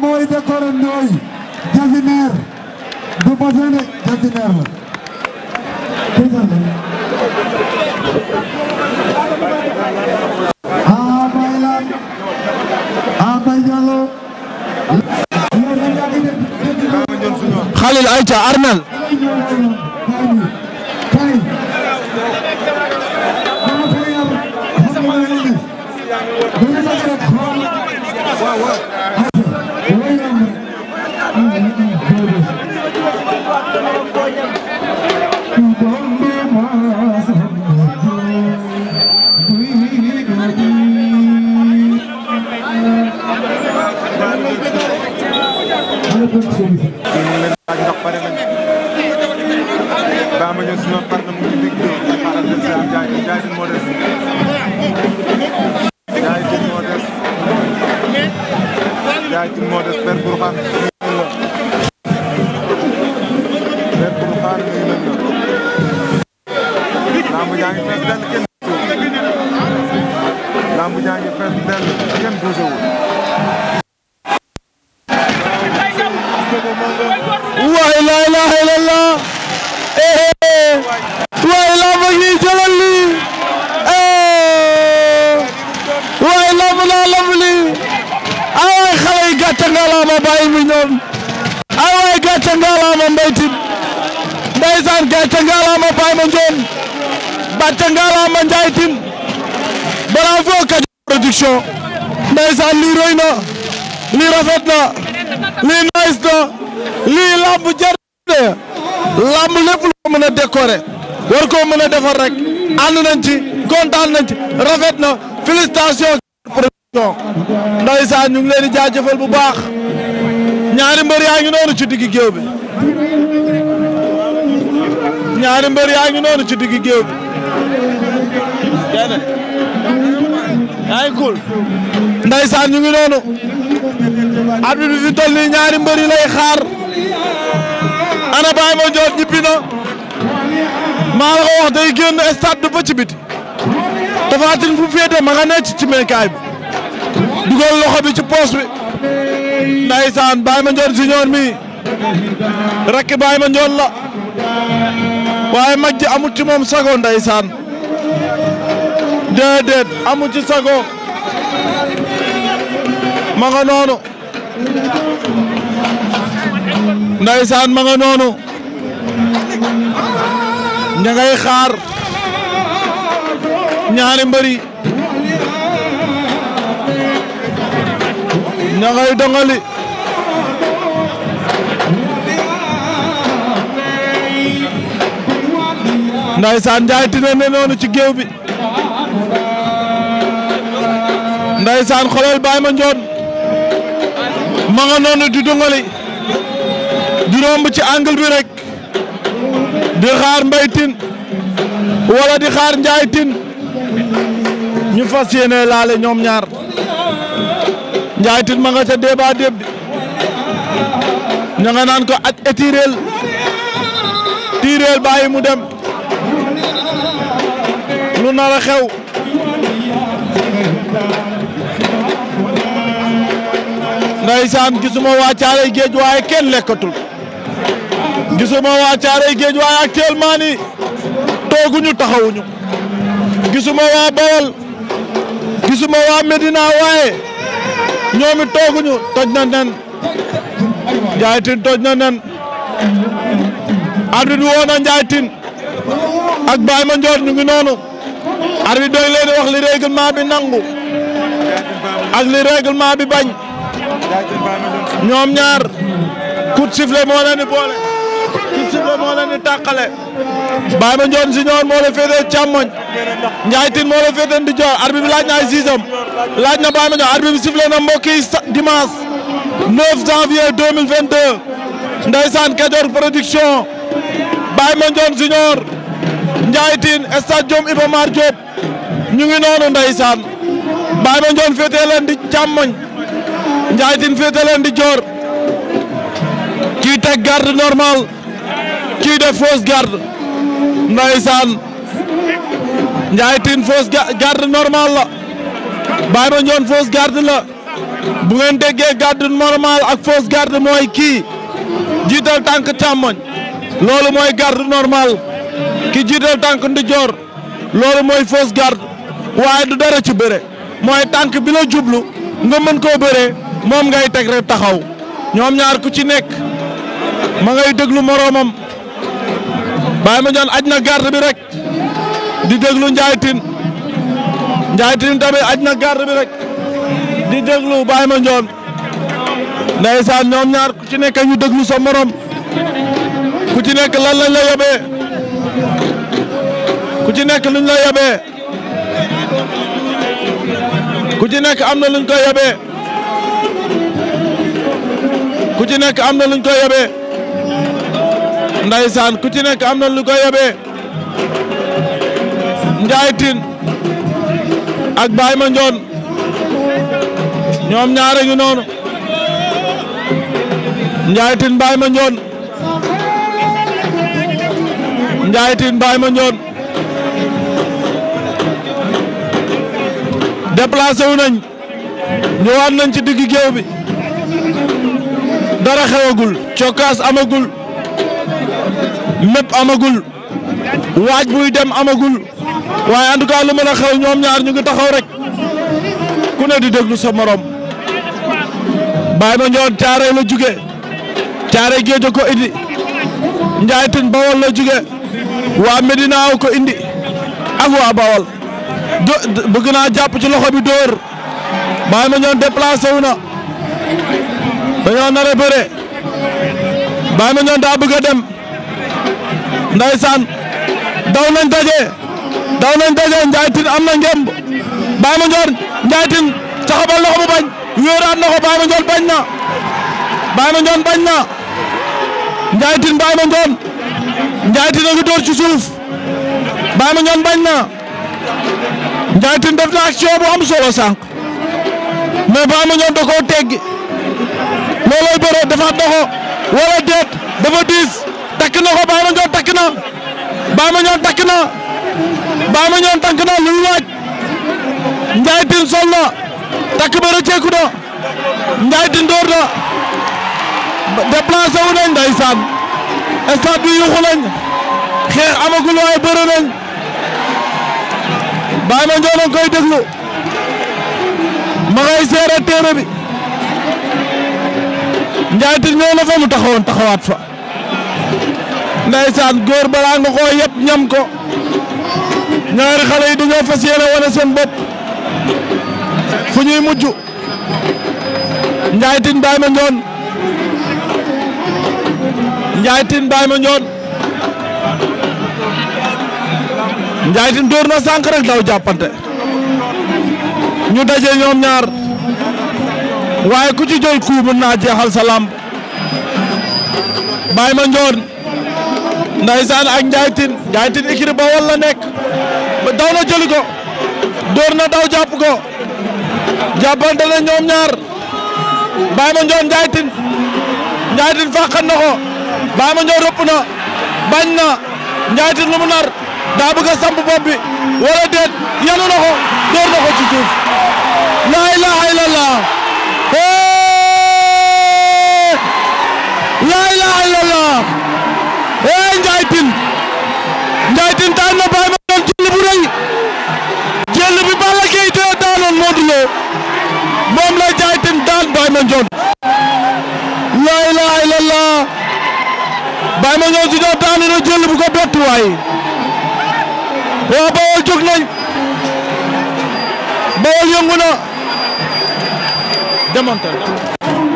mooy décoré ndooy jasineer du basin de jasineer la aa bay lan aa bay jalo Bamba Dieng suñu partenaire mu ngi dégg Dakar ak Jaay Jaay moo des Ndiaye Tine moo des Ndiol bàcce ngalaama Ndiaye Tine bravo Kajoor production ndeysaan lii rëy na lii rafet na lii nice na lii lamb jërëjëf lamb lépp loo mën a décorer war koo mën a defar rek ànd nañ ci kontaan nañ ci rafet na félicitation production ndeysaan ñu ngi leen di bu baax ñaari mbër yaa ngi noonu ci digg géew bi. ñaari mbër yaa ngi noonu ci digg géew bi kenn yaa ñu ngi noonu arbitre bi fi toll nii ñaari mbër yi lay xaar ana baay ma joot ñibbi na maa la ko wax day génn stade du ci biti Tapha Tine fu féete ma nga nekk ci meekaay bi dugal loxo bi ci poos bi ndeysaan baay ma joot si ñoon mi rakk baay ma joot la waaye Madj amul ci moom sago ndeysaan déedéet amul ci sago ma nga noonu ndeysaan ma nga noonu ña ngay xaar ñaari mbëri ña ngay dongali Ndaysaan Ndiaye Tine ne noonu ci géew bi Ndaysaan xoolal Baye Mandione ma nga noonu di dongali di romb ci angle bi rek di xaar Mbaye Tine wala di xaar Ndiaye ñu fas yéene laale ñoom ñaar Ndiaye ma nga ca débat déb bi ña nga naan ko ak étireel tiireel bàyyi mu dem lu nar a xew ndaysaan gisuma waa Caaray géej waaye kenn lekkatul gisuma waa Caaray géej waaye actuellement ni tooguñu taxawuñu gisuma waa Bawol gisuma waa Medina waaye ñoomi tooguñu toj na nen Njaay Tine na nen arbitre bi woo na ak Baye Mandione ñu ngi noonu arbitre wax li règlement bi nangu ak li règlement bi bañ ñoom ñaar coup de sifflet moo leen di boole coup de sifflet moo leen di tàqale Baye Mandione Junior moo la féetee càmmoñ Ndiaye Tine bi laaj na ay siisam laaj na Baye Mandione arbitre bi sifflé na mbokk yi dimanche 9 janvier 2022 ndeysaan Kajoor production Baye Mandione Junior Ndiaye Tine stade Diom Iba Mar Diop ñu ngi noonu ndeysaan Baye Mandione féetee leen di càmmoñ Ndiaye Tine féetee leen di joor kii teg garde normal kii def fausse garde ndeysaan Ndiaye Tine fausse garde normal la Baye Mandione fausse garde la bu ngeen deggee garde normal ak fausse garde mooy kii jiital tànk càmmoñ loolu mooy garde normal ki jiital tànk ndijoor loolu mooy fausse garde waaye du dara ci bëre mooy tànk bi la jublu nga mën koo bëree moom ngay teg rek taxaw ñoom ñaar ku ci nekk ma ngay déglu moroomam Baye Mandione aj na garde bi rek di déglu Ndiaye Tine Ndiaye Tine tamit aj na garde bi rek di déglu Baye Mandione ndeysaan ñoom ñaar ku ci nekk ñu déglu sa morom ku ci nekk lan lañ la yóbbee ku ci nekk luñ la yabee ku ci nekk am na luñ ko yabee ku ci nekk am na luñ ko yabee ndaysaan ku ci nekk am na luñ ko yabee Ndiaye Tine ak Baye Mandione ñoom ñaare ngi noonu Ndiaye Tine Baye Mandione Ndiaye Tine Baye Mandione déplacé wu nañ ñëwaat nañ ci digg géew bi dara xewagul cokkaas amagul mépp amagul waaj buy dem amagul waaye en tout cas lu mën a xew ñoom ñaar ñu ngi taxaw rek ku ne di déglu sa morom bàyyi ma ñoon caare la juge caare géej ko indi njaaytin bawol la juge waa Medina ko indi ak waa bawol do bëgg naa jàpp ci loxo bi dóor bàyyi ma ñoon déplacé wu na dañoo nar a bëre bàyyi ma ñoon daa bëgg a dem ndaysaan daw nañ daje daw nañ daje Ndiaye Tine am na ngemb bàyyi ma ñoon Ndiaye Tine caxabal na ko mu bañ wéeraat na ko bàyyi ma bañ na bàyyi ma bañ na Ndiaye Tine bàyyi ma ñoon Ndiaye a ngi ci suuf bàyyi ma bañ na Ndiaye Tine def na action bu am solo sànq mais Baye Mandione da koo teggi loolooy bëree dafa na ko wala déet dafa diis takk na ko Baye Mandione takk na Baye Mandione takk na na lu laaj Ndiaye sol na takk ba rëcceeku na Ndiaye Tine door na déplacé wu nañ ndeysaan stade bi yuxu nañ xeex amagul waaye bëre nañ. Baye Mandione a koy déglu ma ngay seere téere bi Ndiaye Tine ñëw fa mu taxawoon taxawaat fa ndeysaan góor balaa nga koo yëpp ñam ko ñaari xale yi dañoo fas yéene wane seen bopp fu ñuy mujj Ndiaye Tine Baye Mandione Ndiaye Tine Baye Mandione Ndiaye Tine dóor na sànq rek daw jàppante ñu daje ñoom ñaar waaye ku ci jël coup mën naa jeexal sa làmb Baye Mandione ndeysaan ak Ndiaye Tine ikiri ba wal la nekk daw na jëli ko dóor na na ñoom ñaar Baye ma Ndiaye Tine Ndiaye Tine fàqan na ko Baye Mandione rëpp na bañ daa bëgg a samp bopp bi wala déet yanu na ko door na ko ci suuf la ilaha illallah eh la ilaha illallah eh Ndiaye Tine na bàyyi ma doon jël Balla Gaye daanoon Modou Lo moom la Ndiaye Tine daan bàyyi ma doon la ilaha illallah bàyyi na jël bu ko bett waay waa Bawol jóg nañ Bawol yëngu na demontal